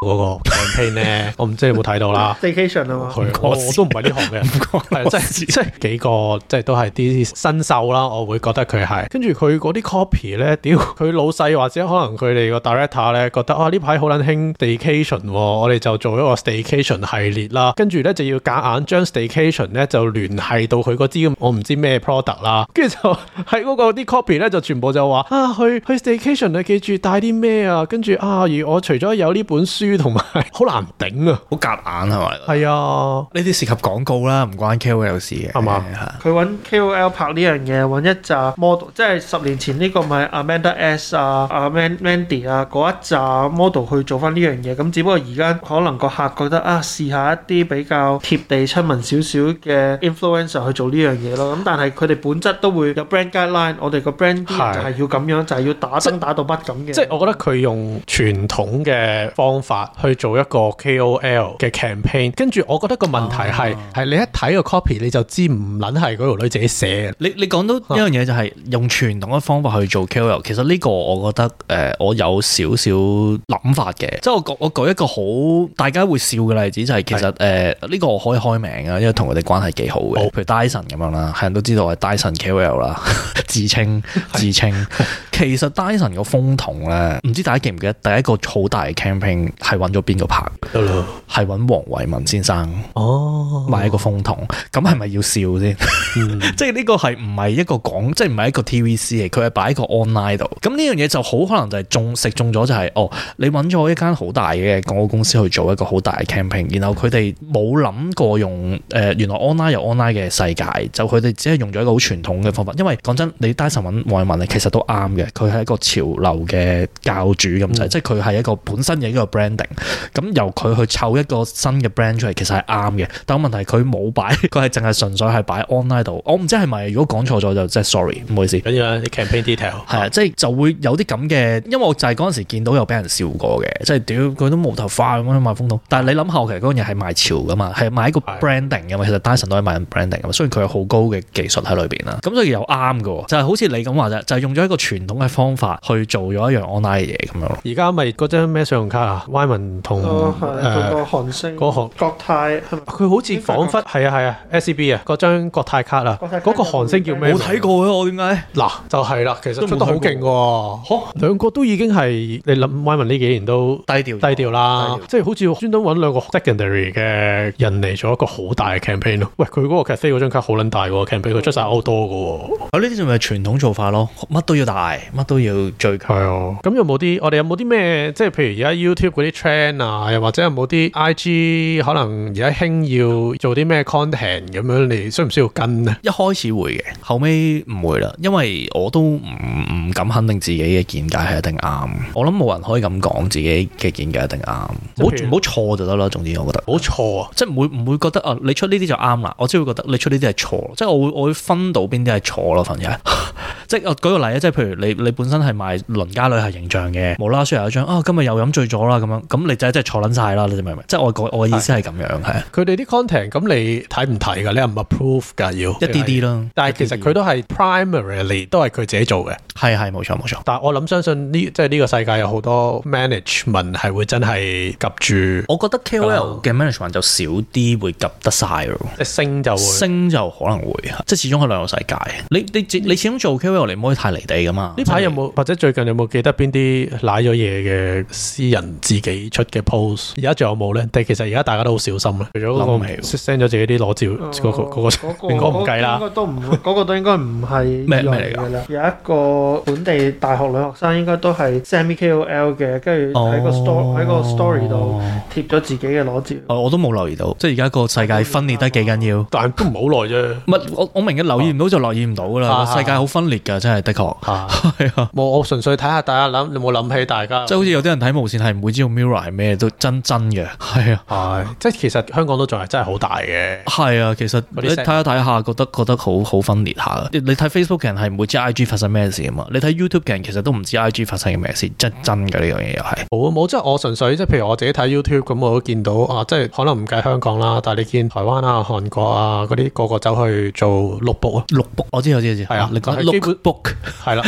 Speaker 1: 嗰 (laughs) 個 campaign 咧，我唔知你有冇睇到啦。
Speaker 3: staycation 啊嘛，佢我都唔係呢行嘅
Speaker 1: 人、 (laughs) 嗯， (laughs) 即係即係幾個，即係都係啲新手啦。我會覺得佢係，跟住佢嗰啲 copy 咧，屌佢老細或者可能佢哋個 director 咧，覺得啊呢排好捻興 staycation、哦、我哋就做一個 staycation 系列啦。跟住咧就要夾硬將 staycation 咧就聯繫到佢嗰支我唔知咩 product 啦。跟住就喺嗰個啲 copy 咧就全部就話啊去去 staycation 啊，cation，記住帶啲咩啊。跟住啊，而我除咗有呢本書。同埋好難頂啊，好夾硬係咪？係啊，呢啲涉及廣告
Speaker 2: 啦，唔關 KOL
Speaker 1: 事嘅，係嘛吧？佢揾
Speaker 3: KOL 拍呢樣嘢，揾一扎 model，即係十年前呢個咪阿 Manda S 啊、阿 Mandy 啊嗰、啊、一扎 model 去做翻呢樣嘢。咁只不過而家可能個客覺得啊，試下一啲比較貼地親民少少嘅 influencer 去做呢樣嘢咯。咁但係佢哋本質都會有 brand guideline，我哋個
Speaker 1: brand 就係要咁樣，是就係要打燈打到乜咁嘅。即係我覺得佢用傳統嘅方法。去做一個 KOL 嘅 campaign，跟住我覺得個問題係係、啊、你一睇個 copy 你就知唔撚係嗰條女自己寫嘅。你你講到一樣嘢就係用傳
Speaker 2: 統嘅方法去做 KOL，其實呢個我覺得、呃、我有少少諗法嘅。即係我我舉一個好大家會笑嘅例子就係、是、其實誒呢是、呃呢個我可以開名啊，因為同佢哋關係幾好嘅，好譬如 Dyson 咁樣啦，係人都知道係 Dyson KOL 啦，自稱自稱是其實 Dyson 個風筒咧，唔知大家記唔記得第一個好大嘅 campaign？係揾咗邊個拍？係揾 Hello. 黃偉文先生哦，買一個風筒，咁係咪要笑先？ (laughs) mm. 即係呢個係唔係一個講，即係唔係一個 TVC 嚟，佢係擺喺個 online 度，咁呢樣嘢就好可能就係中食中咗、就是，就係哦，你揾咗一間好大嘅廣告公司去做一個好大嘅 campaign 然後佢哋冇諗過用誒、呃、原來 online 有 online 嘅世界，就佢哋只係用咗一個好傳統嘅方法。因為講真，你 Dyson 揾黃偉文啊，其實都啱嘅。佢係一個潮流嘅教主咁滯，mm. 即係佢係一個本身嘅一個 brand。咁由佢去湊一個新嘅 brand 出嚟，其實係啱嘅。但係問題佢冇擺，佢係淨係純粹係擺喺 online 度。我唔知係咪，如果講錯咗就即係 sorry，唔好意思。跟
Speaker 1: 住 campaign detail
Speaker 2: 係啊，即係就會有啲咁嘅，因為我就係嗰陣時見到又俾人笑過嘅，即係屌佢都冇頭髮咁樣賣風筒。但係你諗下，其實嗰樣嘢係賣潮噶嘛，係賣一個 branding 噶嘛。其實 Dyson 都係賣 branding 噶嘛。雖然佢有好高嘅技術喺裏邊啦，咁所以又啱嘅，就係好似你咁話啫，就係用咗一個傳統嘅方法去做咗一樣 online 嘅嘢咁樣。而家咪嗰張咩信用卡
Speaker 1: 啊？同誒個韓星，個韓國泰係咪？佢好似仿佛係啊係啊，SCB 啊，嗰張國泰卡啦，嗰個韓星叫咩？冇睇過啊！我點解？嗱就係啦，其實出得好勁喎。嚇，兩個都已經係你諗，Y 文呢幾年都低調低調啦，即係好似專登揾兩個 secondary 嘅人嚟做一個好大嘅 campaign 咯。喂，佢嗰個 cafe 嗰張卡好撚大喎，campaign 佢出曬好多嘅喎。啊，呢啲就咪傳統做法咯，乜都要大，乜都要追求。係啊，咁有冇啲我哋有冇啲咩？即係譬如而家 YouTube 嗰啲 trend 啊，又或者有冇啲 I G 可能而家興要做啲咩 content 咁樣，你需唔需要跟呢？一開始會嘅，後尾唔會啦，因為我都唔
Speaker 2: 唔敢肯定自己嘅見解係一定啱。我諗冇人可以咁講自己嘅見解一定啱，冇唔好錯就得啦。總之我覺得冇錯啊，即係唔會唔會覺得啊，你出呢啲就啱啦。我只會覺得你出呢啲係錯，即係我會我會分到邊啲係錯咯。朋友，即係我舉個例啊，即係譬如你你本身係賣鄰家女孩形象嘅，冇啦啦出一張啊，今日又飲醉咗啦咁樣
Speaker 1: 咁你就真係坐撚晒啦，你明唔明？即係我我意思係咁樣，係啊。佢哋啲 content 咁你睇唔睇㗎？你又唔 approve 㗎，要一啲啲咯。但係其實佢都係 primarily 都係佢自己做嘅。係係冇錯冇錯。但係我諗相信呢，即係呢個世界有好多 management 係會真係夾住。我覺得 KOL 嘅 management 就少啲會夾得晒咯。即升就會升就可能會，即係始終係兩個世界。你你你始終做 KOL 你唔可以太離地㗎嘛。呢排有冇或者最近有冇記得邊啲奶咗嘢嘅私人自出嘅 pose，而家仲有冇咧？但係其實而家大家都好小心咧，除咗嗰未 send 咗自己啲裸照嗰個嗰個，應該唔計啦。應該
Speaker 3: 都唔會，嗰個都應該唔係咩嚟㗎啦。有一個本地大學女學生應該都係 semi K O L 嘅，跟住喺個 store 喺個
Speaker 2: story 度貼咗自己嘅裸照。我都冇留意到，即係而家個世界分裂得幾緊要？
Speaker 1: 但係都唔好耐啫。我我明嘅，留意唔到就留意唔到㗎啦。世界好
Speaker 2: 分裂㗎，真係的確。
Speaker 1: 冇，我純粹睇下大家諗，你有冇諗起大家？即係好
Speaker 2: 似有啲人睇無線係唔會知 Mirror 咩都真真嘅，係啊，
Speaker 1: 即係其實香港都仲係真係好大
Speaker 2: 嘅，係啊，其實你睇一睇下，覺得覺得好好分裂下。你睇 Facebook 嘅人係唔會知 IG 發生咩事噶嘛？你睇 YouTube 嘅人其實都唔知 IG 發生嘅咩事，真係真嘅呢樣嘢又係。
Speaker 1: 冇啊，冇即係我純粹即係，譬如我自己睇 YouTube 咁，我都見到啊，即係可能唔計香港啦，但係你見台灣啊、韓國啊嗰啲個個走去做錄播咯，錄播，我知我知我知，係啊，你講錄 book 係啦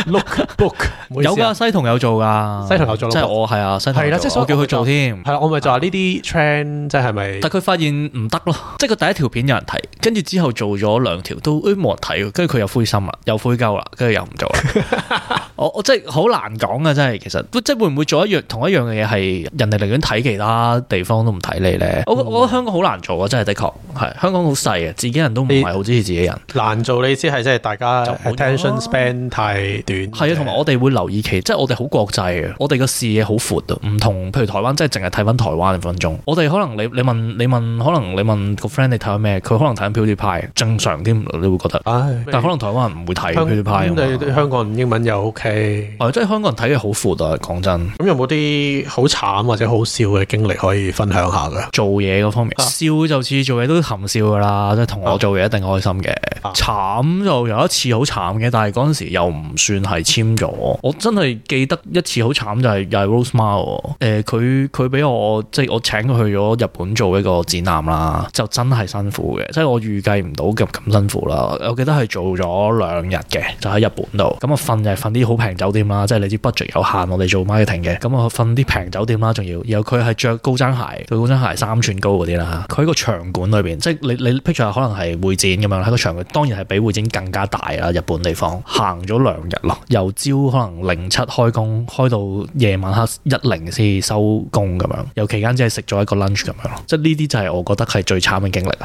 Speaker 1: ，book 有噶西同有做噶，西同有做，即係我係啊，西同有做。會做添，
Speaker 2: 係啦做、嗯，我咪、啊、就話呢啲 trend 即係咪？但佢發現唔得咯，即係佢第一條片有人睇，跟住之後做咗兩條都誒冇、哎、人睇，跟住佢又灰心啦，又灰鳩啦，跟住又唔做啦。 (laughs) 我，我即係好難講啊！真係其實即係會唔會做一樣同一樣嘅嘢，係人哋寧
Speaker 1: 願睇其他地方都唔睇你咧。嗯、我我覺得香港好難做啊！真係，的確係香港好細啊，自己人都唔係好支持自己人。難做你意思係即係大家 attention span 太
Speaker 2: 短？係啊，同埋我哋會留意其即係我哋好國際啊，我哋個視野好闊啊。唔同譬如台灣，真係淨係睇翻台灣嘅分鐘。我哋可能你問問你問，你問可能你問個 friend 你睇緊咩？佢可能睇緊
Speaker 1: PewDiePie，正常添你會覺得。唉、啊，但可能台灣人唔會睇 PewDiePie。咁你香港人英文又 OK。係，即係香港人睇嘅好闊㗎，講真，咁有冇啲好慘或者好笑嘅經歷可以分享下噶？做嘢嗰方面，啊、
Speaker 2: 笑就似做嘢都含笑噶啦，即係同我做嘢一定開心嘅。啊、慘就有一次好慘嘅，但係嗰陣時又唔算係簽咗。 (laughs) 我真係記得一次好慘就係 Rosemar，誒，佢佢俾我即係、就是、我請佢去咗日本做一個展覽啦，就真係辛苦嘅，即、就、係、是、我預計唔到咁咁辛苦啦。我記得係做咗兩日嘅，就喺日本度，咁啊瞓就係瞓啲好平酒店啦，即係你知 budget 有限，我哋做 marketing 嘅，咁我瞓啲平酒店啦，仲要，然後佢係着高踭鞋，對高踭鞋三寸高嗰啲啦，佢喺個場館裏邊，即係你你 picture 可能係會展咁樣，喺個場館，當然係比會展更加大啦，日本地方，行咗兩日咯，由朝可能零七開工，開到夜晚黑一零先收工咁樣，尤其間只係食咗一個 lunch 咁樣咯，即係呢啲就係我覺得係最慘嘅經歷，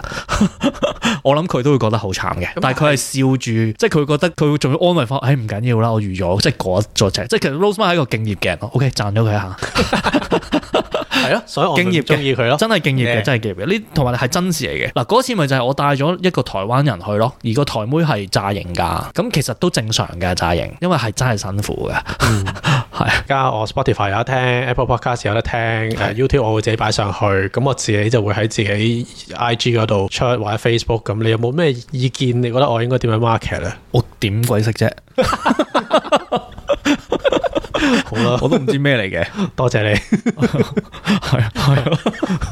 Speaker 2: (laughs) 我諗佢都會覺得好慘嘅，但係佢係笑住，即係佢覺得佢會仲要安慰翻，誒、哎、唔緊要啦，我預咗。即係嗰座即係其實 Roseman 係一個敬業嘅人，OK 讚咗佢一下。 (laughs)
Speaker 1: 係咯，所以我敬業
Speaker 2: 中意佢咯，真係敬業嘅，Yeah. 真係敬業嘅。呢同埋係真事嚟嘅。嗱，嗰次咪就係我帶咗一個台灣人去咯，而個台妹係炸型噶，咁其實都正常嘅炸型，因為係真係辛苦嘅。
Speaker 1: 係、嗯。啊 (laughs) 是，加我 Spotify 有得聽，Apple Podcast 有得聽的，YouTube 我會自己擺上去，咁我自己就會喺自己 IG 嗰度出或者 Facebook。咁你有冇咩意見？你覺得我應該點樣 market 咧？我點鬼識啫？ (laughs) (laughs) 好啦，我都唔知咩嚟嘅，多謝你，係係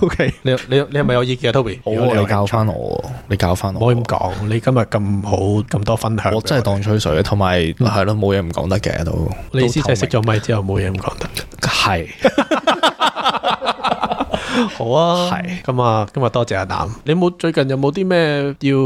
Speaker 1: ，O K，你你你係咪有意見啊？Toby，好啊，你，
Speaker 2: 你教翻我，我，你教翻我，可以咁講，你今日咁好咁多分享我，我真係當吹水，同埋係咯，冇嘢唔
Speaker 1: 講得嘅都，你意思就係熄咗咪之後冇嘢唔講得，係。是 (laughs) 好啊，係咁啊，今日多謝阿男，你冇最近有冇啲咩要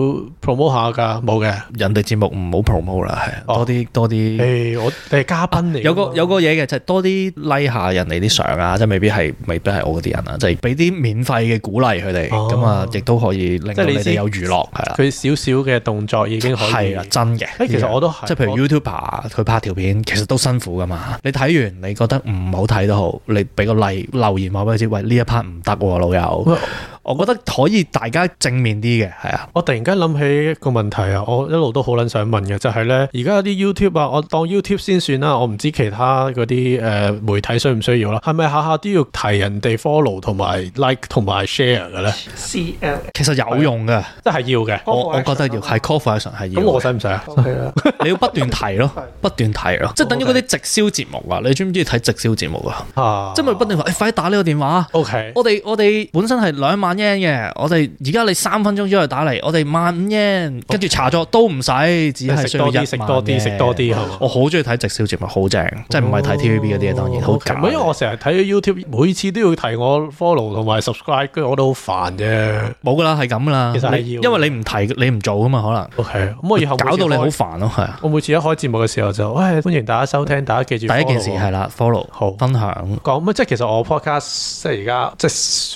Speaker 1: promote 下噶？冇嘅，人哋節目唔好 promote 啦，係、哦、多啲多啲。誒、欸，我哋係嘉賓嚟、啊，有個
Speaker 2: 有個嘢嘅就係、是、多啲拉、like、下人哋啲相啊，嗯、即係未必係未必係我嗰啲人啊，即係俾啲免費嘅鼓勵佢哋，咁啊亦都可以令到你哋有娛樂
Speaker 1: 係啦。佢少少嘅動作已經係係真嘅、欸。其實我都即係譬如
Speaker 2: YouTuber 佢拍條片，其實都辛苦噶嘛。你睇完你覺得唔好睇都好，你俾個例留言話俾佢
Speaker 1: 知：「喂呢一 part 唔得喎，老友。No. 我覺得可以大家正面啲嘅，係啊！我突然間諗起一個問題啊，我一路都好撚想問嘅，就係咧，而家有啲 YouTube 啊，我當 YouTube 先算啦，我唔知其他嗰啲媒體需唔需要啦。係咪下下都要提人哋 follow 同埋 like 同埋 share 嘅咧 c 其實有用嘅，即係要
Speaker 2: 嘅。我我覺得要係 c o f f i t i o n 係要。咁我使唔使啊？你要不斷提咯，不斷提咯，即係等於嗰啲直銷節目啊！你中唔中意睇直銷節目啊？即係不斷話，快啲打呢個電話。OK，我哋我哋本身係兩萬。嘅，我哋而家你三分鐘左右打嚟，我哋萬五跟住查錯都唔使，只係多啲，食多啲，食多啲。我好中意睇直銷節目，好正，即係唔係睇 TVB 嗰啲啊？當然好假。因
Speaker 1: 為我成日睇 YouTube，每次都要提我 follow 同埋 subscribe，我都好煩啫。冇噶啦，係咁啦。其實係要，因為你唔提，你唔做
Speaker 2: 啊嘛，可能。OK，咁我以後搞到你好煩咯。係
Speaker 1: 我每次一開節目嘅時候就，唉，歡迎大家收聽，大家記住第一件事係啦，follow 好分享。講乜，即係其實我 podcast 即係而家即係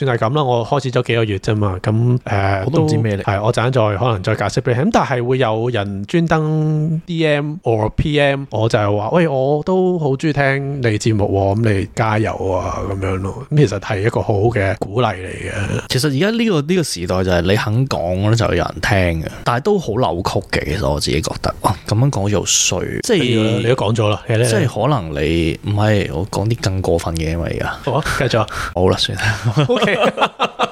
Speaker 1: 算係咁啦，我開始咗幾個月啫嘛，咁誒、呃、我都唔知咩嚟，係我暫時再可能再解釋俾你。咁但係會有人專登 D M or P M，我就係話，喂，我都好中意聽你節目，咁你加油啊，咁樣咯。咁其實係一個好好嘅鼓勵嚟嘅。其實而家呢個呢、呢個時代就係你肯講咧，就有人
Speaker 2: 聽嘅，但係都好扭曲嘅。其實我自己覺得，咁樣講又衰，即係是你
Speaker 1: 都講咗啦，來來來即係
Speaker 2: 可能你唔係我講啲更過分嘅，因為而家好、啊，繼續 (laughs) 好啦、啊，算啦。 (laughs) Okay. (laughs)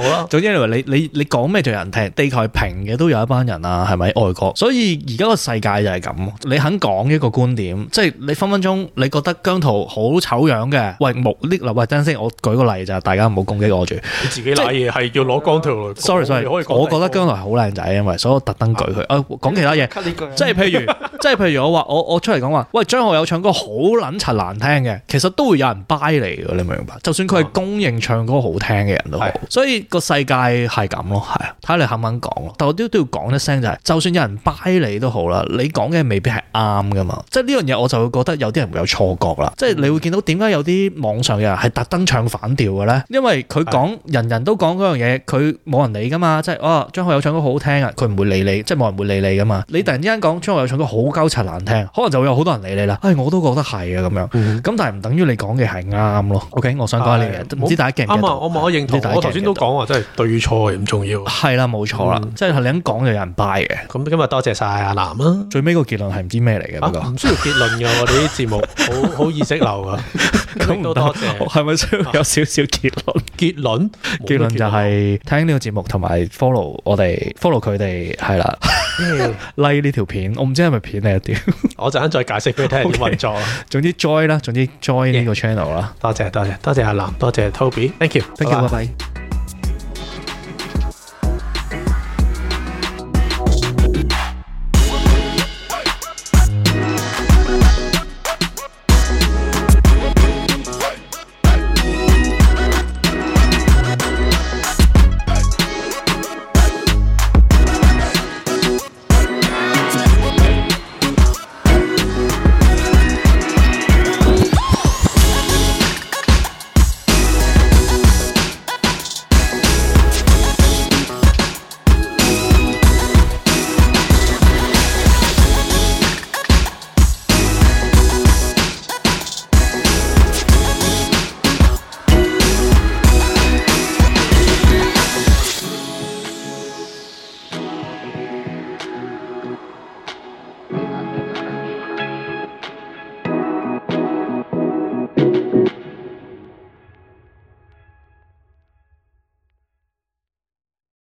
Speaker 2: 好總之，你話你你你講咩就有人聽，地球係平嘅都有一班人啊，係咪外國？所以而家個世界就係咁，你肯講一個觀點，即係你分分鐘你覺得姜濤好醜樣嘅，喂，冇呢嗱，喂，等先，我舉個例就，大家唔好攻擊我住。你
Speaker 1: 自己瀨嘢係要攞姜濤，sorry sorry，我覺得姜濤係
Speaker 2: 好靚仔，因為所以我特登舉佢。誒的，講其他嘢，C aring 即係譬如，
Speaker 1: (laughs) 即係譬如我話我我
Speaker 2: 出嚟講話，喂，張學友唱歌好撚柒難聽嘅，其實都會有人 buy 你明唔明白？就算佢係公認唱歌好聽嘅人都好，的所以。個世界係咁咯，係啊，睇下你肯唔肯講。但我都都要講一聲，就係，就係就算有人掰你都好啦，你講嘅未必係啱噶嘛。即係呢樣嘢，我就會覺得有啲人會有錯覺啦。即係、嗯、你會見到點解有啲網上嘅人係特登唱反調嘅咧？因為佢講、哎、人人都講嗰樣嘢，佢冇人理噶嘛。即係啊，張學友唱歌好好聽啊，佢唔會理你，即係冇人會理你噶嘛。你突然之間講張學友唱歌好鳩柒難聽，可能就會有好多人理你啦。唉、哎，我都覺得係啊，咁樣。咁、嗯、但係唔等於你講嘅係啱咯。OK，我想講呢樣嘢，唔、哎、知大家驚唔驚？啱啊我，我冇
Speaker 1: 認同。我頭先都講。真係對錯又唔重要，
Speaker 2: 係啦，冇錯啦，即係你咁講就有人 buy 嘅。咁今日多謝晒阿男啦，最尾個結論係唔知咩嚟嘅。唔需要
Speaker 1: 結論嘅，我哋啲節目好好意識流啊，咁唔多謝，係咪需要有
Speaker 2: 少少結論？結論？結論就係聽呢個節目，同埋 follow 我哋，follow 佢哋係啦，like 呢條片。我唔知係咪片定啲，
Speaker 1: 我陣間再解釋俾你聽，點運作。總之 join 啦，總之 join 呢個 channel 啦。多謝多謝多謝阿男，多謝 Toby，Thank you，Thank you，拜拜。